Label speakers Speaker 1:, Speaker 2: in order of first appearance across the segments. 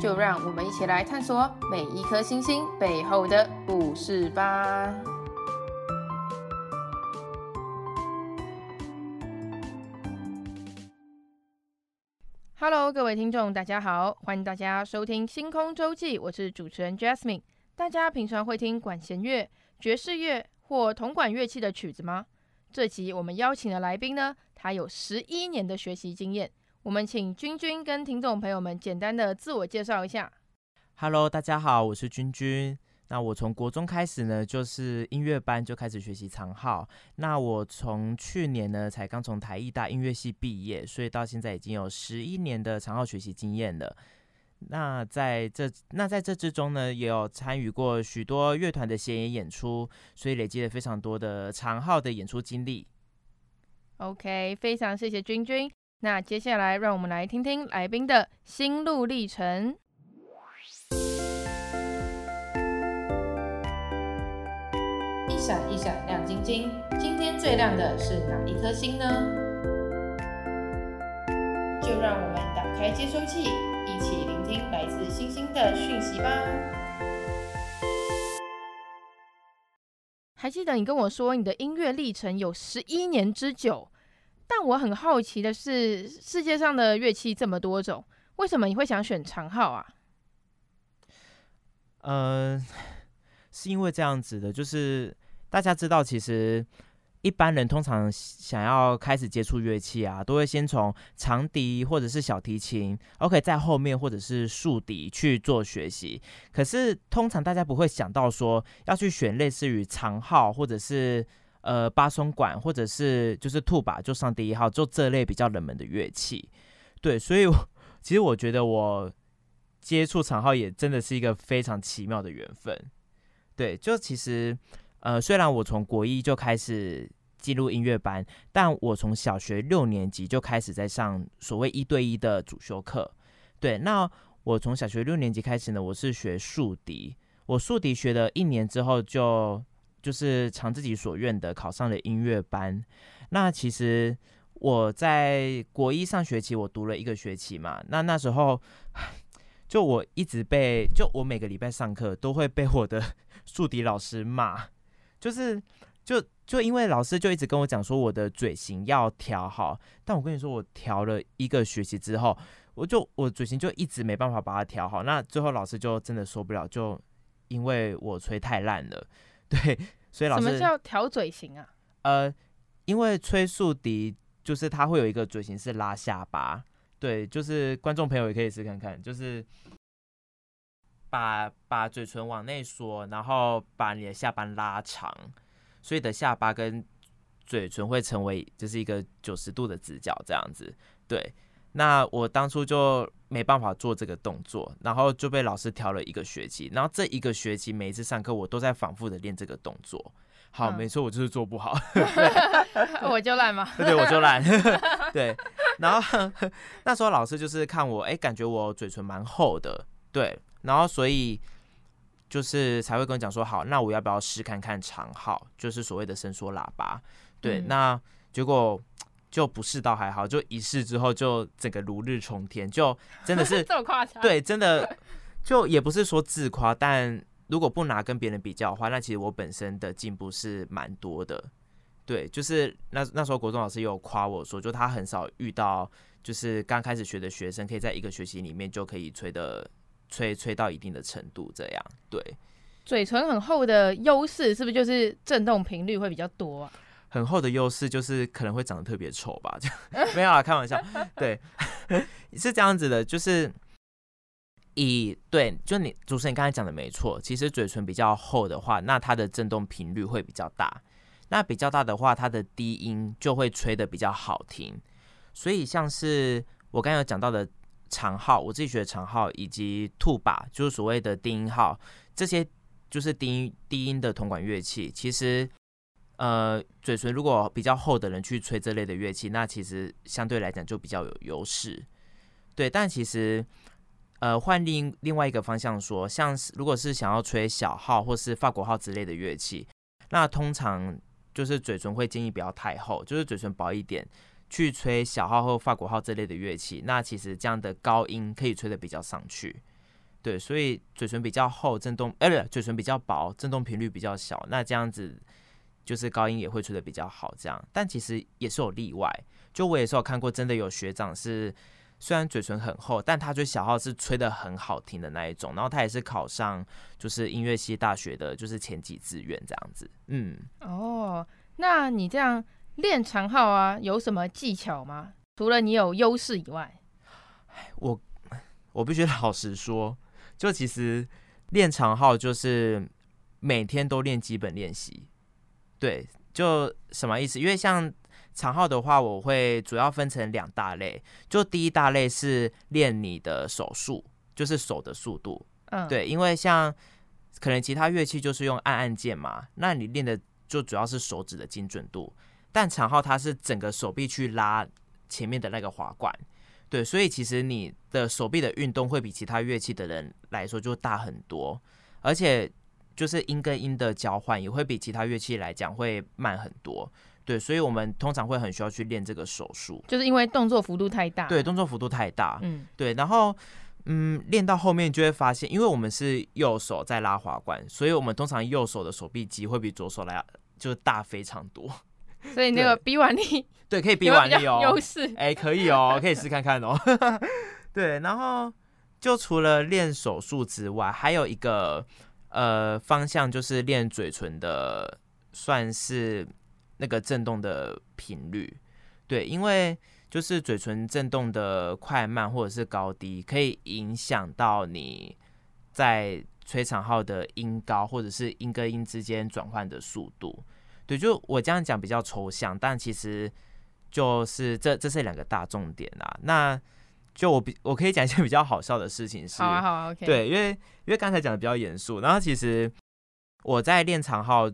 Speaker 1: 就讓我們一起來探索每一顆星星背後的故事吧。Hello，各位聽眾，大家好，歡迎大家收聽《星空周記》，我是主持人 Jasmine。大家平常會聽管弦樂、爵士樂或銅管樂器的曲子嗎？這集我們邀請的來賓呢，他有十一年的學習經驗。我們請均均跟聽眾朋友們簡單的自我介紹一下。
Speaker 2: Hello，大家好，我是均均。那我從國中開始呢，就是音樂班就開始學習長號。那我從去年呢才剛從台藝大音樂系畢業，所以到現在已經有十一年的長號學習經驗了。那在這那在這之中呢，也有參與過許多樂團的協演演出，所以累積了非常多的長號的演出經歷。
Speaker 1: OK，非常謝謝均均。那接下來，讓我們來聽聽來賓的心路歷程。一閃一閃亮晶晶，今天最亮的是哪一顆星呢？就讓我們打開接收器，一起聆聽來自星星的訊息吧。還記得你跟我說，你的音樂歷程有十一年之久。但我很好奇的是，世界上的樂器這麼多種，為什麼你會想選長號啊？
Speaker 2: 呃，是因為這樣子的，就是大家知道，其實一般人通常想要開始接觸樂器啊，都會先從長笛或者是小提琴，OK，在後面或者是豎笛去做學習。可是通常大家不會想到說要去選類似於長號或者是。呃，巴松管或者是就是兔把就上第一號，就這類比較冷門的樂器，對，所以我其實我覺得我接觸長號也真的是一個非常奇妙的緣分，對，就其實呃，雖然我從國一就開始進入音樂班，但我從小學六年級就開始在上所謂一對一的主修課，對，那我從小學六年級開始呢，我是學豎笛，我豎笛學了一年之後就就是償自己所願的，考上了音樂班。那其實我在國一上學期，我讀了一個學期嘛。那那時候，就我一直被，就我每個禮拜上課都會被我的宿敵老師罵。就是，就就因為老師就一直跟我講說，我的嘴型要調好。但我跟你說，我調了一個學期之後，我就我嘴型就一直沒辦法把它調好。那最後老師就真的受不了，就因為我吹太爛了。對，所以老師，什麼叫
Speaker 1: 調嘴型啊？
Speaker 2: 呃，因為吹豎笛就是它會有一個嘴型是拉下巴，對，就是觀眾朋友也可以試看看，就是把把嘴唇往內縮，然後把你的下巴拉長，所以的下巴跟嘴唇會成為就是一個九十度的直角這樣子，對。那我當初就沒辦法做這個動作，然後就被老師調了一個學期。然後這一個學期每一次上課，我都在反覆的練這個動作。好，嗯、沒錯，我就是做不好。
Speaker 1: 我就爛嘛。對，我就爛。
Speaker 2: 對。然後 那時候老師就是看我，哎、欸，感覺我嘴唇蠻厚的，對。然後所以就是才會跟我講說，好，那我要不要試看看長號，就是所謂的伸縮喇叭？對。嗯、那結果。就不是倒還好，就一試之後就整個如日中天，就真的是 這麼誇張？對，真的就也不是說自誇，但如果不拿跟別人比較的話，那其實我本身的進步是蠻多的。對，就是那那時候國中老師有誇我說，就他很少遇到就是剛開始學的學生，可以在一個學習裡面就可以吹的吹吹到一定的程度。這樣對，
Speaker 1: 嘴唇很厚的優勢是不是就是震動頻率會比較多啊？
Speaker 2: 很厚的優勢就是可能會長得特別醜吧？ 沒有啊啦， 開玩笑。對， 是這樣子的，就是以對，就你主持人剛才講的沒錯。其實嘴唇比較厚的話，那它的震動頻率會比較大。那比較大的話，它的低音就會吹得比較好聽。所以像是我剛才有講到的長號，我自己學的長號以及吐巴，就是所謂的低音號，這些就是低音低音的銅管樂器，其實。呃，嘴唇如果比較厚的人去吹這類的樂器，那其實相對來講就比較有優勢。對，但其實，呃，換另另外一個方向說，像是如果是想要吹小號或是法國號之類的樂器，那通常就是嘴唇會建議不要太厚，就是嘴唇薄一點去吹小號或法國號這類的樂器。那其實這樣的高音可以吹得比較上去。對，所以嘴唇比較厚震動，呃、欸，不嘴唇比較薄，震動頻率比較小。那這樣子，就是高音也會吹得比較好，這樣，但其實也是有例外。就我也是有看過，真的有學長是雖然嘴唇很厚，但他吹小號是吹得很好聽的那一種。然後他也是考上就是音樂系大學的，就是前幾志願這樣子。嗯，
Speaker 1: 哦，oh, 那你這樣練長號啊，有什麼技巧嗎？除了你有優勢以外，
Speaker 2: 我我必須老實說，就其實練長號就是每天都練基本練習。對，就什麼意思？因為像長號的話，我會主要分成兩大類。就第一大類是練你的手速，就是手的速度。嗯，對，因為像可能其他樂器就是用按按鍵嘛，那你練的就主要是手指的精準度。但長號它是整個手臂去拉前面的那個滑管，對，所以其實你的手臂的運動會比其他樂器的人來說就大很多，而且。就是音跟音的交換也會比其他樂器來講會慢很多，對，所以我們通常會很需要去練這個手速，
Speaker 1: 就是因為動作幅度太大，對，
Speaker 2: 動作幅度太大，嗯，對，然後嗯，練到後面就會發現，因為我們是右手在拉滑管，所以我們通常右手的手臂肌會比左手來就是大非常多，
Speaker 1: 所以那個臂腕力
Speaker 2: 對，對，可以臂腕力哦、喔，優勢，哎、欸，可以哦、喔，可以試看看哦、喔， 對，然後就除了練手速之外，還有一個。呃，方向就是練嘴唇的，算是那個震動的頻率，對，因為就是嘴唇震動的快慢或者是高低，可以影響到你在吹長號的音高或者是音跟音之間轉換的速度，對，就我這樣講比較抽象，但其實就是這這是兩個大重點啊，那。就我比我可以講一些比較好笑的事情是，好啊，好啊，好，OK。對，因為因為剛才講的比較嚴肅，然後其實我在練長號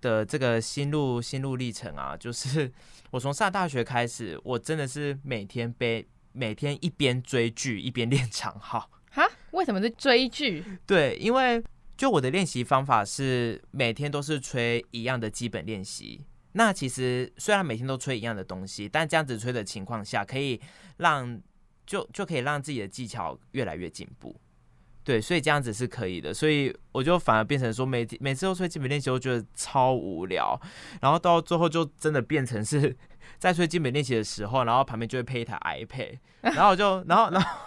Speaker 2: 的這個心路心路歷程啊，就是我從上大學開始，我真的是每天背，每天一邊追劇一邊練長號。
Speaker 1: 哈？為什麼是追劇？
Speaker 2: 對，因為就我的練習方法是每天都是吹一樣的基本練習。那其實雖然每天都吹一樣的東西，但這樣子吹的情況下可以讓。就就可以讓自己的技巧越來越進步，對，所以這樣子是可以的。所以我就反而變成說每，每每次都吹基本練習，我覺得超無聊。然後到最後就真的變成是在吹基本練習的時候，然後旁邊就會配一台 iPad，然後我就然後然後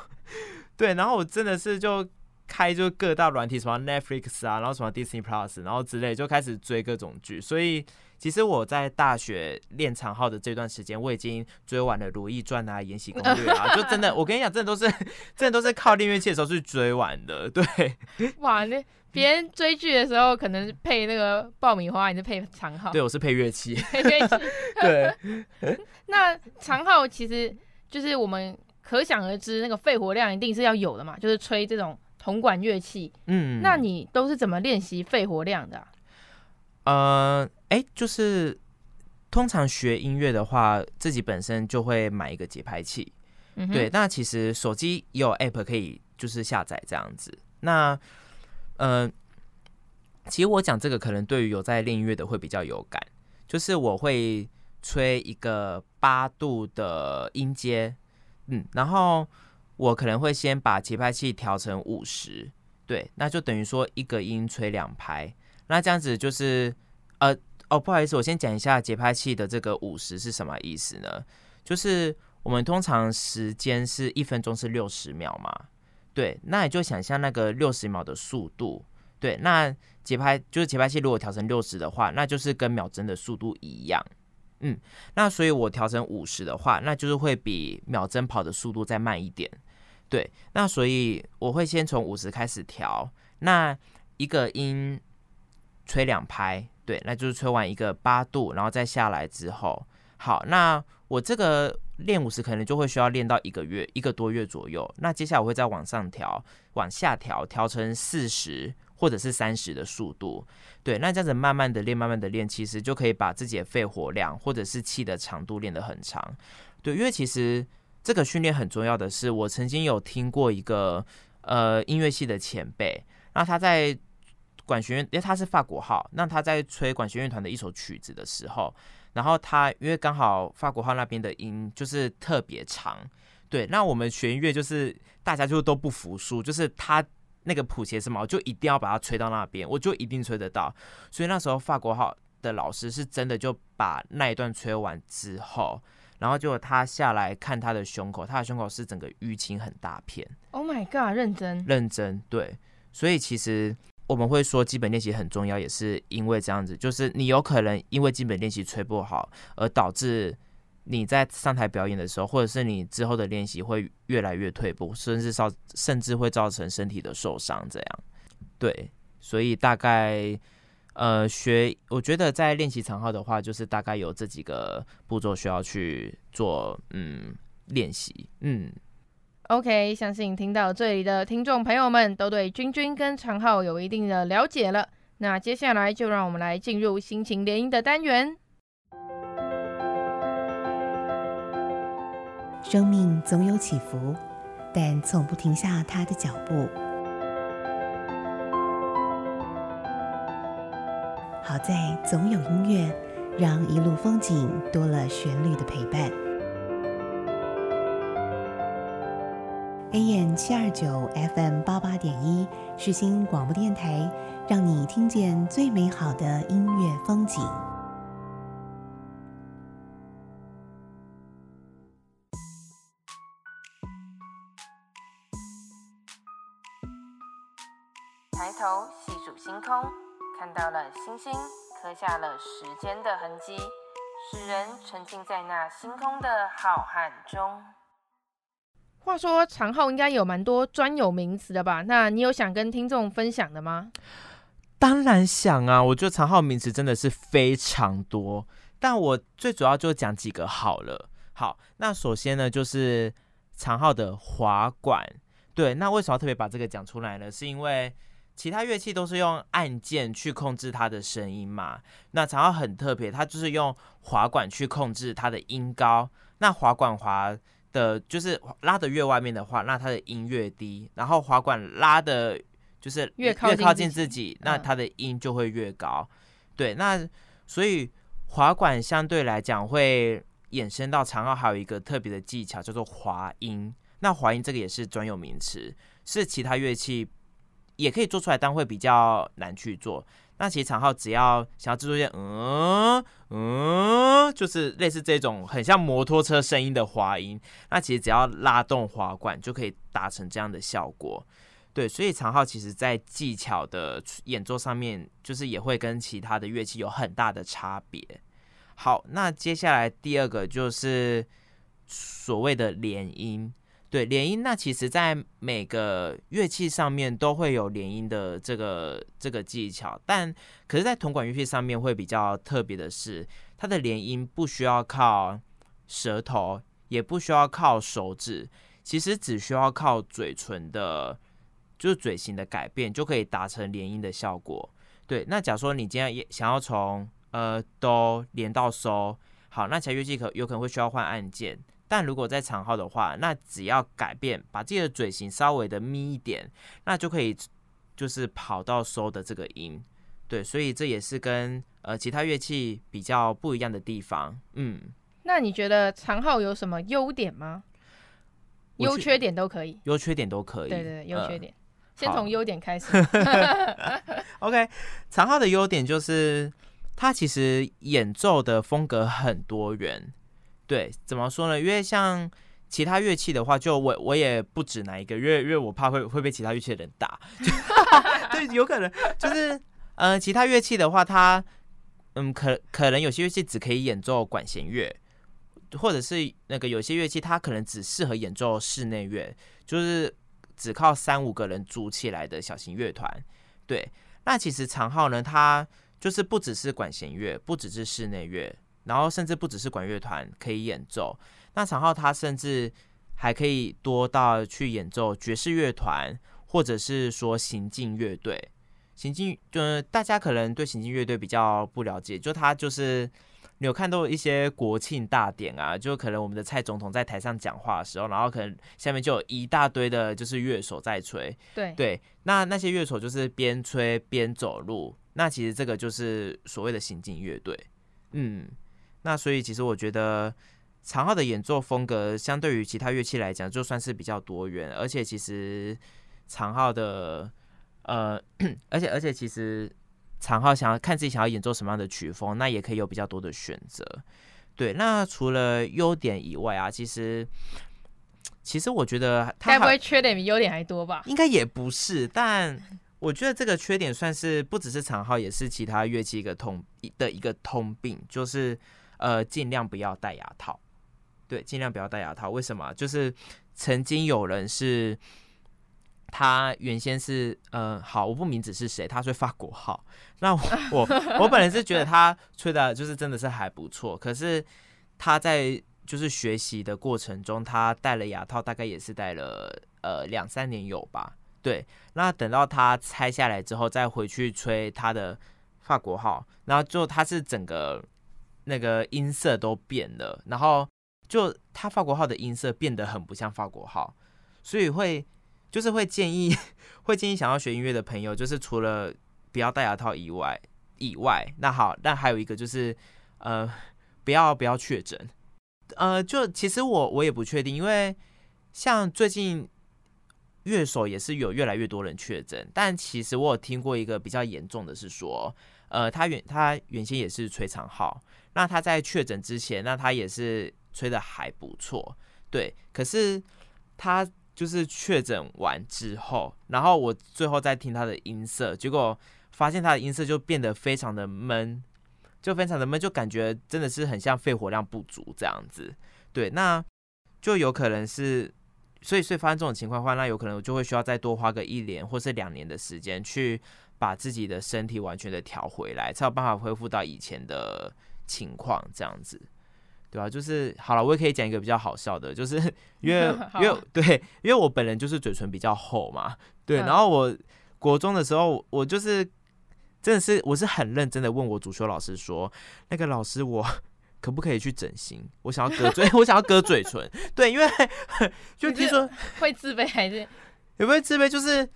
Speaker 2: 對，然後我真的是就開就各大軟體，什麼 Netflix 啊，然後什麼 Disney Plus，然後之類就開始追各種劇，所以。其實我在大學練長號的這段時間，我已經追完了《如懿傳》啊，《延禧攻略》啊，就真的，我跟你講，真的都是，真的都是靠練樂器的時候去追完的。對，
Speaker 1: 哇，那別人追劇的時候可能配那個爆米花，你是配長號？對，我
Speaker 2: 是配樂器。樂器 對，
Speaker 1: 那長號其實就是我們可想而知，那個肺活量一定是要有的嘛，就是吹這種銅管樂器。嗯，那你都是怎麼練習肺活量的啊？
Speaker 2: 呃，哎、欸，就是通常學音樂的話，自己本身就會買一個節拍器，嗯、哼對。那其實手機也有 app 可以，就是下載這樣子。那嗯、呃，其實我講這個，可能對於有在練音樂的會比較有感。就是我會吹一個八度的音階，嗯，然後我可能會先把節拍器調成五十，對，那就等於說一個音吹兩拍。那這樣子就是，呃，哦，不好意思，我先講一下節拍器的這個五十是什麼意思呢？就是我們通常時間是一分鐘是六十秒嘛，對，那你就想象那個六十秒的速度，對，那節拍就是節拍器如果調成六十的話，那就是跟秒針的速度一樣，嗯，那所以我調成五十的話，那就是會比秒針跑的速度再慢一點，對，那所以我會先從五十開始調，那一個音。吹兩拍，對，那就是吹完一個八度，然後再下來之後，好，那我這個練五十可能就會需要練到一個月，一個多月左右。那接下來我會再往上調，往下調，調成四十或者是三十的速度，對，那這樣子慢慢的練，慢慢的練，其實就可以把自己的肺活量或者是氣的長度練得很長，對，因為其實這個訓練很重要的是，我曾經有聽過一個呃音樂系的前輩，那他在。管弦樂，因為他是法國號，那他在吹管弦樂團的一首曲子的時候，然後他因為剛好法國號那邊的音就是特別長，對，那我們弦樂就是大家就都不服輸，就是他那個譜寫什麼，我就一定要把它吹到那邊，我就一定吹得到。所以那時候法國號的老師是真的就把那一段吹完之後，然後就他下來看他的胸口，他的胸口是整個淤青很大片。
Speaker 1: Oh my god！認真，
Speaker 2: 認真，對，所以其實。我們會說基本練習很重要，也是因為這樣子，就是你有可能因為基本練習吹不好，而導致你在上台表演的時候，或者是你之後的練習會越來越退步，甚至造甚至會造成身體的受傷。這樣，對，所以大概呃學，我覺得在練習長號的話，就是大概有這幾個步驟需要去做，嗯，練習，嗯。
Speaker 1: OK，相信聽到這裡的聽眾朋友們都對均均跟長號有一定的了解了。那接下來就讓我們來進入心情連音的單元。
Speaker 3: 生命總有起伏，但從不停下他的腳步。好在總有音樂，讓一路風景多了旋律的陪伴。AM 七二九 FM 八八點一，世新廣播電臺，讓你聽見最美好的音樂風景。
Speaker 1: 抬頭細數星空，看到了星星，刻下了時間的痕跡，使人沉浸在那星空的浩瀚中。話說長號應該有蠻多專有名詞的吧？那你有想跟聽眾分享的嗎？
Speaker 2: 當然想啊！我覺得長號名詞真的是非常多，但我最主要就講幾個好了。好，那首先呢，就是長號的滑管。對，那為什麼要特別把這個講出來呢？是因為其他樂器都是用按鍵去控制它的聲音嘛。那長號很特別，它就是用滑管去控制它的音高。那滑管滑的就是拉的越外面的話，那它的音越低；然後滑管拉的，就是越靠近自己，自己那它的音就會越高。嗯、對，那所以滑管相對來講會衍生到長號，還有一個特別的技巧叫做滑音。那滑音這個也是專有名詞，是其他樂器也可以做出來，但會比較難去做。那其實長號只要想要制作一些嗯嗯，就是類似這種很像摩托車聲音的滑音，那其實只要拉動滑管就可以達成這樣的效果。對，所以長號其實在技巧的演奏上面，就是也會跟其他的樂器有很大的差別。好，那接下來第二個就是所謂的連音。對連音，那其實在每個樂器上面都會有連音的這個這個技巧，但可是在銅管樂器上面會比較特別的是，它的連音不需要靠舌頭，也不需要靠手指，其實只需要靠嘴唇的，就是嘴型的改變就可以達成連音的效果。對，那假如說你今天也想要從呃哆連到嗦，好，那其他樂器可有可能會需要換按鍵。但如果在長號的話，那只要改變，把自己的嘴型稍微的眯一點，那就可以，就是跑到收的這個音。對，所以這也是跟呃其他樂器比較不一樣的地方。嗯，
Speaker 1: 那你覺得長號有什麼優點嗎？去優缺點都可以，優缺
Speaker 2: 點都可以。對，對對，優缺點，呃，先從優點開始。OK，長號的優點就是它其實演奏的風格很多元。對，怎麼說呢？因為像其他樂器的話，就我我也不止拿一個，因為因為我怕會會被其他樂器的人打， 對，有可能就是，嗯、呃，其他樂器的話，它，嗯，可可能有些樂器只可以演奏管弦樂，或者是那個有些樂器它可能只適合演奏室內樂，就是只靠三五個人組起來的小型樂團。對，那其實長號呢，它就是不只是管弦樂，不只是室內樂。然後甚至不只是管樂團可以演奏，那長號他甚至還可以多到去演奏爵士樂團，或者是說行進樂隊。行進就、呃、大家可能對行進樂隊比較不了解，就他就是你有看到一些國慶大典啊，就可能我們的蔡總統在台上講話的時候，然後可能下面就有一大堆的就是樂手在吹，對對，那那些樂手就是邊吹邊走路，那其實這個就是所謂的行進樂隊，嗯。那所以其實我覺得長號的演奏風格相對於其他樂器來講，就算是比較多元。而且其實長號的呃，而且而且其實長號想要看自己想要演奏什麼樣的曲風，那也可以有比較多的選擇。對，那除了優點以外啊，其實其實我覺得他該不會
Speaker 1: 缺點比優點還多吧？應該
Speaker 2: 也不是，但我覺得這個缺點算是不只是長號，也是其他樂器一個通的一個通病，就是。呃，盡量不要戴牙套，對，盡量不要戴牙套。為什麼？就是曾經有人是，他原先是，嗯、呃，好，我不明指是誰，他吹法國號。那我我， 我本來是覺得他吹的就是真的是還不錯，可是他在就是學習的過程中，他戴了牙套，大概也是戴了呃兩三年有吧。對，那等到他拆下來之後，再回去吹他的法國號，然後就他是整個。那個音色都變了，然後就他法國號的音色變得很不像法國號，所以會就是會建議，會建議想要學音樂的朋友，就是除了不要戴牙套以外，以外那好，但還有一個就是呃，不要不要確診，呃，就其實我我也不確定，因為像最近樂手也是有越來越多人確診，但其實我有聽過一個比較嚴重的是說。呃，他原他原先也是吹長號，那他在確診之前，那他也是吹得還不錯，對。可是他就是確診完之後，然後我最後再聽他的音色，結果發現他的音色就變得非常的悶，就非常的悶，就感覺真的是很像肺活量不足這樣子。對，那就有可能是，所以所以發生這種情況的話，那有可能我就會需要再多花個一年或是兩年的時間去。把自己的身體完全的調回來，才有辦法恢復到以前的情況，這樣子，對啊。就是好了，我也可以講一個比較好笑的，就是因為因為對，因為我本人就是嘴唇比較厚嘛，對，然後我國中的時候，我就是真的是我是很認真的問我主修老師說，那個老師我可不可以去整形？我想要割嘴，我想要割嘴唇，對，因
Speaker 1: 為就聽說會自卑還是
Speaker 2: 有沒有自卑？就是。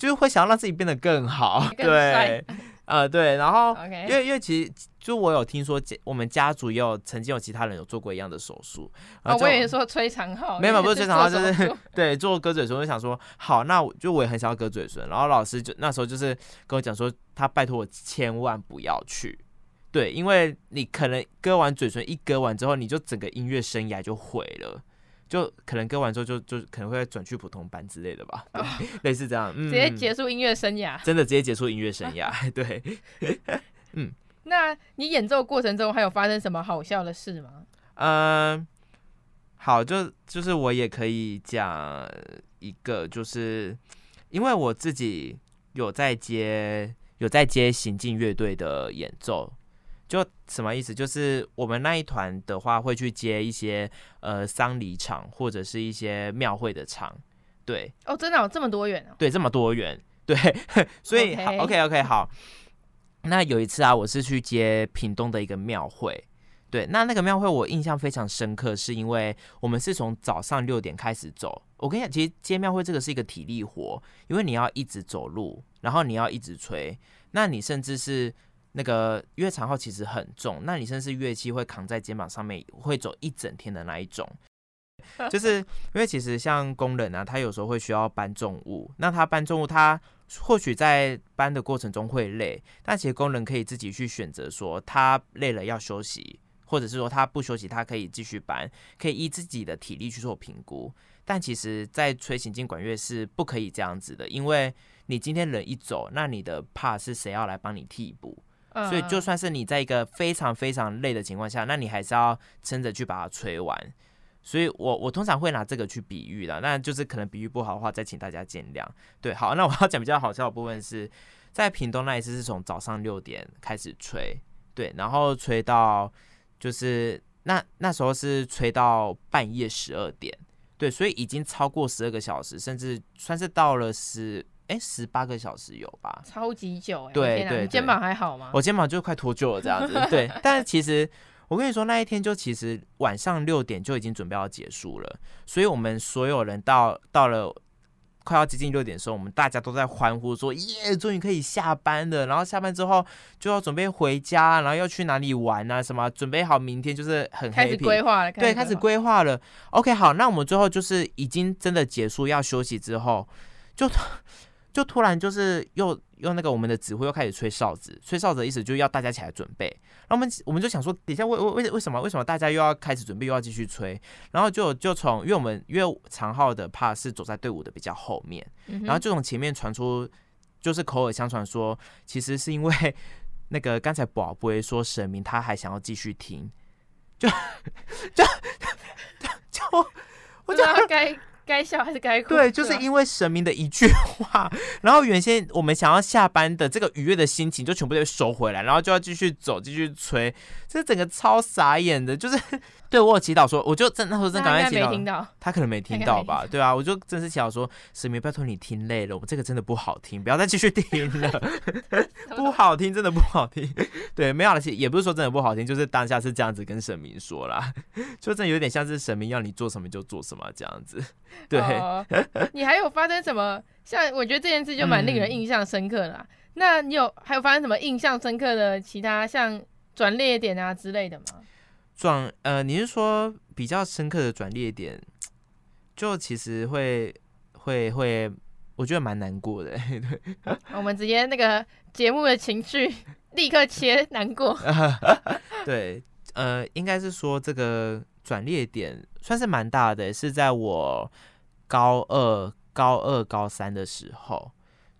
Speaker 2: 就是會想要讓自己變得更好，更帥對，呃，對，然後，Okay. 因為因為其實，就我有聽說，家我們家族也有曾經有其他人有做過一樣的手術，啊、哦，我也
Speaker 1: 說吹長號，沒有，不是吹長號， 就是
Speaker 2: 對，做割嘴唇，我就想說，好，那我就我也很想要割嘴唇，然後老師就那時候就是跟我講說，他拜托我千萬不要去，對，因為你可能割完嘴唇，一割完之後，你就整個音樂生涯就毀了。就可能跟完之後就，就就可能會轉去普通班之類的吧，oh, 類似這樣。嗯，直接結束音樂生涯，真的直接結束音樂生涯。 對， 嗯。
Speaker 1: 那你演奏過程中還有發生什麼好笑的事嗎？嗯
Speaker 2: ，uh, 好，就就是我也可以講一個，就是因為我自己有在接有在接行進樂隊的演奏。就什麼意思？就是我們那一團的話，會去接一些呃喪禮場或者是一些廟會的場，對。
Speaker 1: 哦，真的有、哦、這麼多元、哦？
Speaker 2: 對，這麼多元。對，所以 Okay. 好，OK，OK，、okay, okay, 好。那有一次啊，我是去接屏東的一個廟會，對。那那個廟會我印象非常深刻，是因為我們是從早上六點開始走。我跟你講，其實接廟會這個是一個體力活，因為你要一直走路，然後你要一直吹，那你甚至是。那個樂長號其實很重，那你甚至樂器會扛在肩膀上面，會走一整天的那一種，
Speaker 3: 就是
Speaker 2: 因為其實像工人啊，他有時候會需要搬重物，那他搬重物，他或許在搬的過程中會累，但其實工人可以自己去選擇說他累了要休息，或者是說他不休息，他可以繼續搬，可以依自己的體力去做評估，但其實，在吹行進管樂是不可以這樣子的，因為你今天人一走，那你的怕是誰要來幫你替補？所以就算是你在一個非常非常累的情況下，那你還是要撐着去把它吹完。所以我我通常會拿這個去比喻的，那就是可能比喻不好的話，再請大家見諒。對，好，那我要講比較好笑的部分是在屏東那一次是從早上六點開始吹，對，然後吹到就是那那時候是吹到半夜十二點，對，所以已經超過十二個小時，甚至算是到了十。哎，十八個小時有吧？
Speaker 1: 超級久哎、欸！對對，肩膀還好嗎？我肩
Speaker 2: 膀就快脫臼了這樣子。 對，但是其實我跟你說，那一天就其實晚上六點就已經準備要結束了，所以我們所有人到到了快要接近六點的時候，我們大家都在歡呼說：“耶，終於可以下班了！”然後下班之後就要準備回家，然後要去哪裡玩啊？什麼準備好明天就是很 happy, 開始規劃了。劃了對，開始規劃了。OK，好，那我們最後就是已經真的結束要休息之後就。就突然就是又用那個我們的指揮又開始吹哨子，吹哨子的意思就是要大家起來準備。那我們我們就想說，等一下為為為，為什麼為什麼大家又要開始準備又要繼續吹？然後就就從因為我們因為長號的 part 是走在隊伍的比較後面，嗯、哼然後就從前面傳出，就是口耳相傳說，其實是因為那個剛才筊杯說神明他還想要繼續聽，就就就，就我就要改。Okay. 該笑還是該哭？對，就是因為神明的一句話，啊、然後原先我們想要下班的這個愉悅的心情就全部都收回來，然後就要繼續走，繼續吹，這整個超傻眼的。就是對我有祈禱說，我就真的說，真趕快祈禱，他,他可能沒聽到吧？到對啊，我就真的是祈禱說，神明拜托你聽累了，我這個真的不好聽，不要再繼續聽了， 不好聽，真的不好聽。對，沒有了，也不是說真的不好聽，就是當下是這樣子跟神明說了，就真的有點像是神明要你做什麼就做什麼這樣子。對、
Speaker 1: 哦，你還有發生什麼？像我覺得這件事就蠻令人印象深刻的啦。嗯、那你有還有發生什麼印象深刻的其他像轉捩點啊之類的嗎？
Speaker 2: 轉呃，你是說比較深刻的轉捩點，就其實會會會，我覺得蠻難過的。對、
Speaker 1: 哦，我們直接那個節目的情緒立刻切難過。呃、
Speaker 2: 對，呃，應該是說這個轉捩點算是蠻大的，是在我。高二、高二、高三的時候，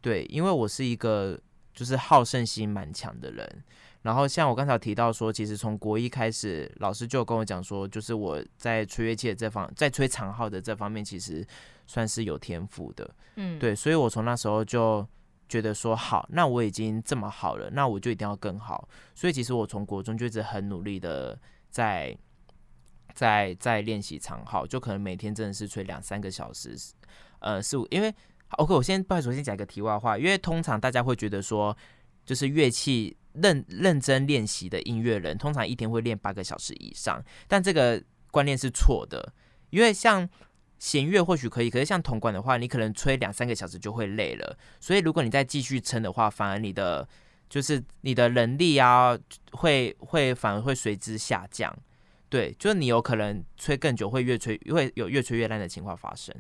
Speaker 2: 對，因為我是一個就是好勝心蠻強的人，然後像我剛才提到說，其實從國一開始，老師就跟我講說，就是我在吹樂器的這方，在吹長號的這方面，其實算是有天賦的，嗯，對，所以我從那時候就覺得說，好，那我已經這麼好了，那我就一定要更好，所以其實我從國中就一直很努力的在。在在練習長號，就可能每天真的是吹兩三個小時，呃，四五。因為 OK，我先不好意思，我先講一個題外話。因為通常大家會覺得說，就是樂器認認真練習的音樂人，通常一天會練八個小時以上。但這個觀念是錯的，因為像弦樂或許可以，可是像銅管的話，你可能吹兩三個小時就會累了。所以如果你再繼續撐的話，反而你的就是你的能力啊，會會反而會隨之下降。對，就是你有可能吹更久，會越吹會有越吹越爛的情況發生。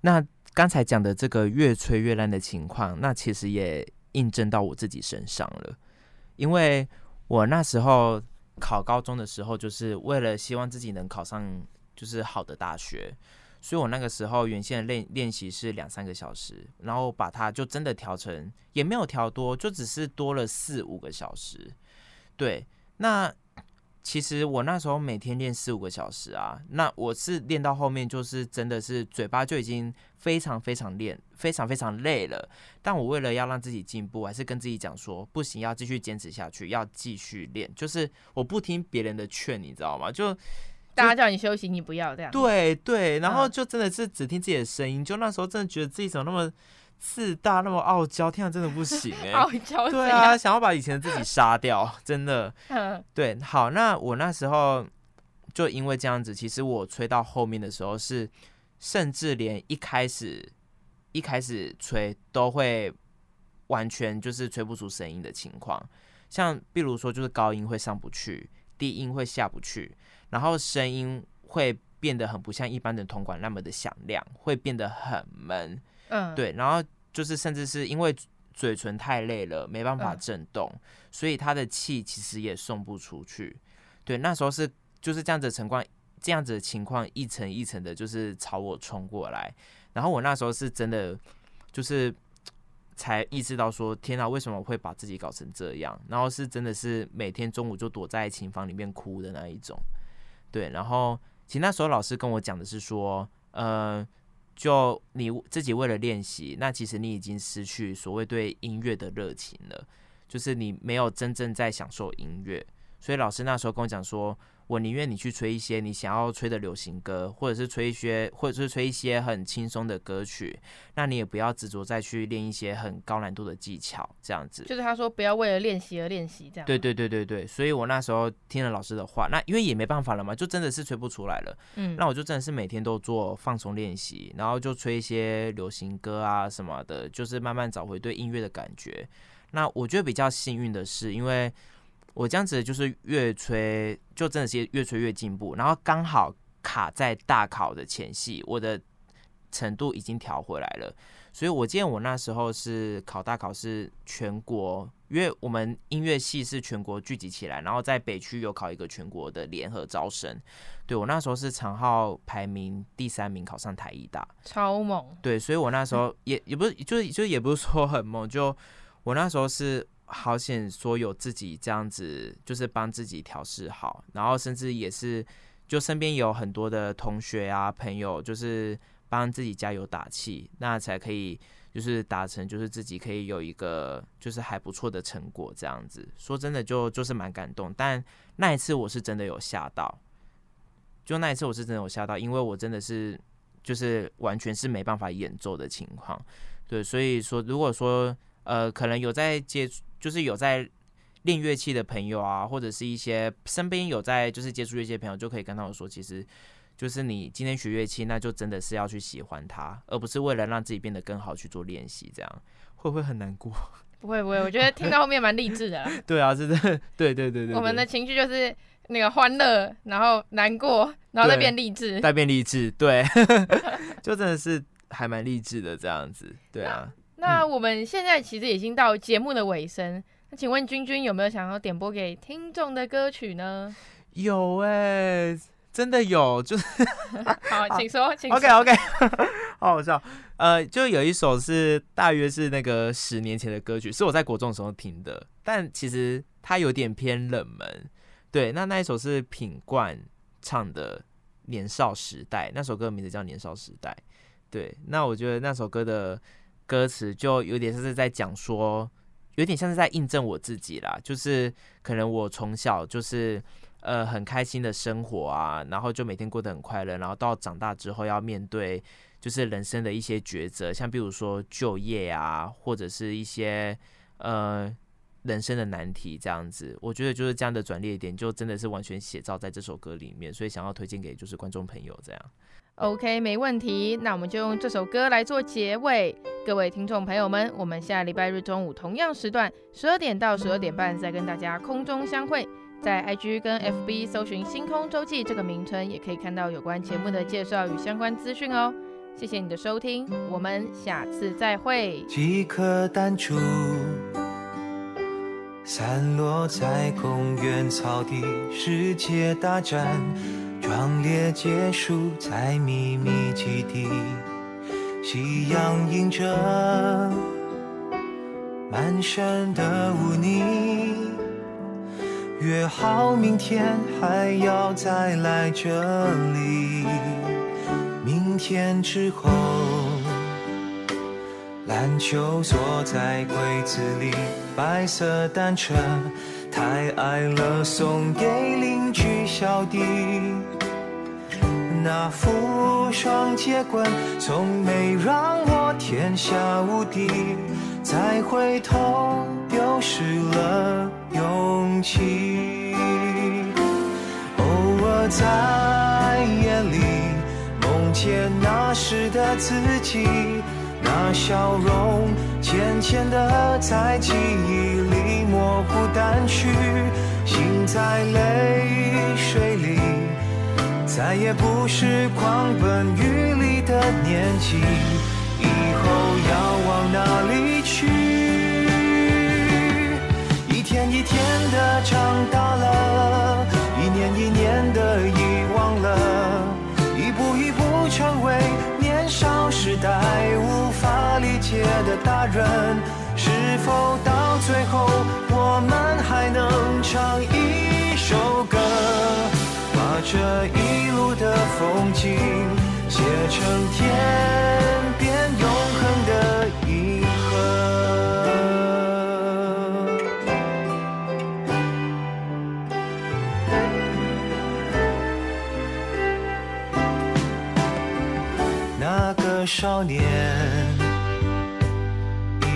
Speaker 2: 那剛才講的這個越吹越爛的情況，那其實也印證到我自己身上了，因為我那時候考高中的時候，就是為了希望自己能考上就是好的大學，所以我那個時候原先練練習是兩三個小時，然後把它就真的調成，也沒有調多，就只是多了四五個小時。對，那。其實我那時候每天練四五個小時啊，那我是練到後面就是真的是嘴巴就已經非常非常練，非常非常累了。但我為了要讓自己進步，還是跟自己講說不行，要繼續堅持下去，要繼續練。就是我不聽別人的勸，你知道嗎？就，就
Speaker 1: 大家叫你休息，你不要這樣。對
Speaker 2: 對，然後就真的是只聽自己的聲音。就那時候真的覺得自己怎麼那麼。自大那麼傲嬌，天啊，真的不行哎、欸！ 傲
Speaker 1: 嬌嬌 對啊，
Speaker 2: 想要把以前的自己殺掉，真的。嗯、對。好，那我那時候就因為這樣子，其實我吹到後面的時候，是甚至連一開始一開始吹都會完全就是吹不出聲音的情況。像比如說，就是高音會上不去，低音會下不去，然後聲音會變得很不像一般的銅管那麼的響亮，會變得很悶。嗯，對，然後就是甚至是因為嘴唇太累了，沒辦法震動，所以他的氣其實也送不出去。對，那時候是就是這樣子的情況，這樣子的情況一層一層的，就是朝我衝過來。然後我那時候是真的，就是才意識到說，天哪，為什麼我會把自己搞成這樣？然後是真的是每天中午就躲在琴房裡面哭的那一種。對，然後其實那時候老師跟我講的是說，嗯、呃。就你自己為了練習，那其實你已經失去所謂對音樂的熱情了，就是你沒有真正在享受音樂。所以老師那時候跟我講說，我寧願你去吹一些你想要吹的流行歌，或者是吹一些，或者是吹一些很輕鬆的歌曲。那你也不要執着再去練一些很高難度的技巧，這樣子。就
Speaker 1: 是他說不要為了練習而練習，這樣。對
Speaker 2: 對對對對，所以我那時候聽了老師的話，那因為也沒辦法了嘛，就真的是吹不出來了。嗯。那我就真的是每天都做放鬆練習，然後就吹一些流行歌啊什麼的，就是慢慢找回對音樂的感覺。那我覺得比較幸運的是，因為。我這樣子就是越吹，就真的是越吹越進步，然後剛好卡在大考的前夕，我的程度已經調回來了。所以我記得我那時候是考大考是全國，因為我們音樂系是全國聚集起來，然後在北區有考一個全國的聯合招生。對我那時候是長號排名第三名，考上台藝大，
Speaker 1: 超猛。
Speaker 2: 對，所以我那時候也、嗯、也不是，就是就是也不是說很猛，就我那時候是。好險說有自己這樣子，就是幫自己調適好，然後甚至也是就身邊有很多的同學啊朋友，就是幫自己加油打氣，那才可以就是達成，就是自己可以有一個就是還不錯的成果這樣子。說真的，就就是蠻感動。但那一次我是真的有嚇到，就那一次我是真的有嚇到，因為我真的是就是完全是沒辦法演奏的情況。對，所以說如果說呃，可能有在接觸。就是有在練樂器的朋友啊，或者是一些身邊有在就是接觸樂器的朋友，就可以跟他們說，其實就是你今天學樂器，那就真的是要去喜歡它，而不是為了讓自己變得更好去做練習，這樣會不會很難過？
Speaker 1: 不會不會，我覺得聽到後面蠻勵志的。
Speaker 2: 對啊，是真的，對對對對，對，對。我們的
Speaker 1: 情緒就是那個歡樂，然後難過，然後再變勵志，再
Speaker 2: 變勵志，對， 就真的是還蠻勵志的這樣子，對啊。
Speaker 1: 那我們現在其實已經到節目的尾聲，嗯、那請問君君有沒有想要點播給聽眾的歌曲呢？
Speaker 2: 有哎、欸，真的有，就是、 啊、好，請說，啊、請說 OK OK， 好好笑， 呃，就有一首是大約是那個十年前的歌曲，是我在國中的時候聽的，但其實它有點偏冷門。對，那那一首是品冠唱的《年少時代》，那首歌名字叫《年少時代》。對，那我覺得那首歌的。歌詞就有點像是在講說，有點像是在印證我自己啦，就是可能我從小就是呃很開心的生活啊，然後就每天過得很快樂，然後到長大之後要面對就是人生的一些抉擇，像比如說就業啊，或者是一些呃人生的難題這樣子。我覺得就是這樣的轉捩點，就真的是完全寫照在這首歌裡面，所以想要推薦給就是觀眾朋友這樣。
Speaker 1: OK，沒問題。那我們就用這首歌來做結尾。各位聽眾朋友們，我們下禮拜日中午同樣時段，十二點到十二點半再跟大家空中相會。在 IG 跟 FB 搜尋“星空周記”這個名稱，也可以看到有關節目的介紹與相關資訊哦。謝謝你的收聽，我們下次再會。
Speaker 3: 即刻淡出散落在公園草地，世界大戰。行列結束在秘密基地，夕陽映着滿身的污泥。約好明天還要再來這裡，明天之後，籃球鎖在櫃子裡，白色單車太矮了，送給鄰居小弟。那副雙截棍，從沒讓我天下無敵。再回頭，丟失了勇氣。偶爾在夜裡，夢見那時的自己，那笑容淺淺的在記憶裡模糊淡去，心在淚水裡。再也不是狂奔雨裡的年紀，以後要往哪裡去？一天一天的長大了，一年一年的遺忘了，一步一步成為年少時代無法理解的大人。是否到最後，我們還能唱一首歌？這一路的風景，寫成天邊永恆的銀河。那個少年。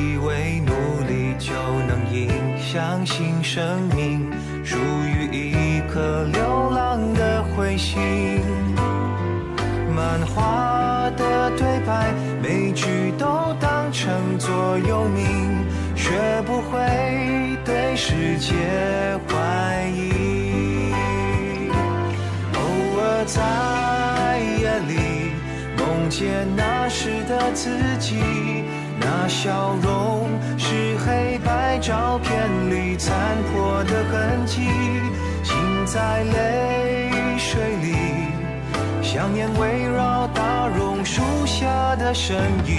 Speaker 3: 以為努力就能贏，相信生命屬於一顆流浪的彗星。漫畫的對白，每句都當成座右銘，學不會對世界懷疑。偶爾在夜裡夢見那時的自己。那笑容是黑白照片裡殘破的痕跡，心在淚水裡，想念圍繞大榕樹下的身影，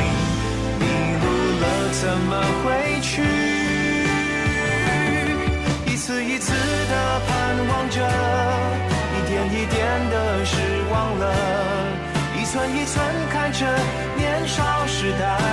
Speaker 3: 迷路了怎麼回去？一次一次的盼望着，一點一點的失望了，一寸一寸看着年少時代。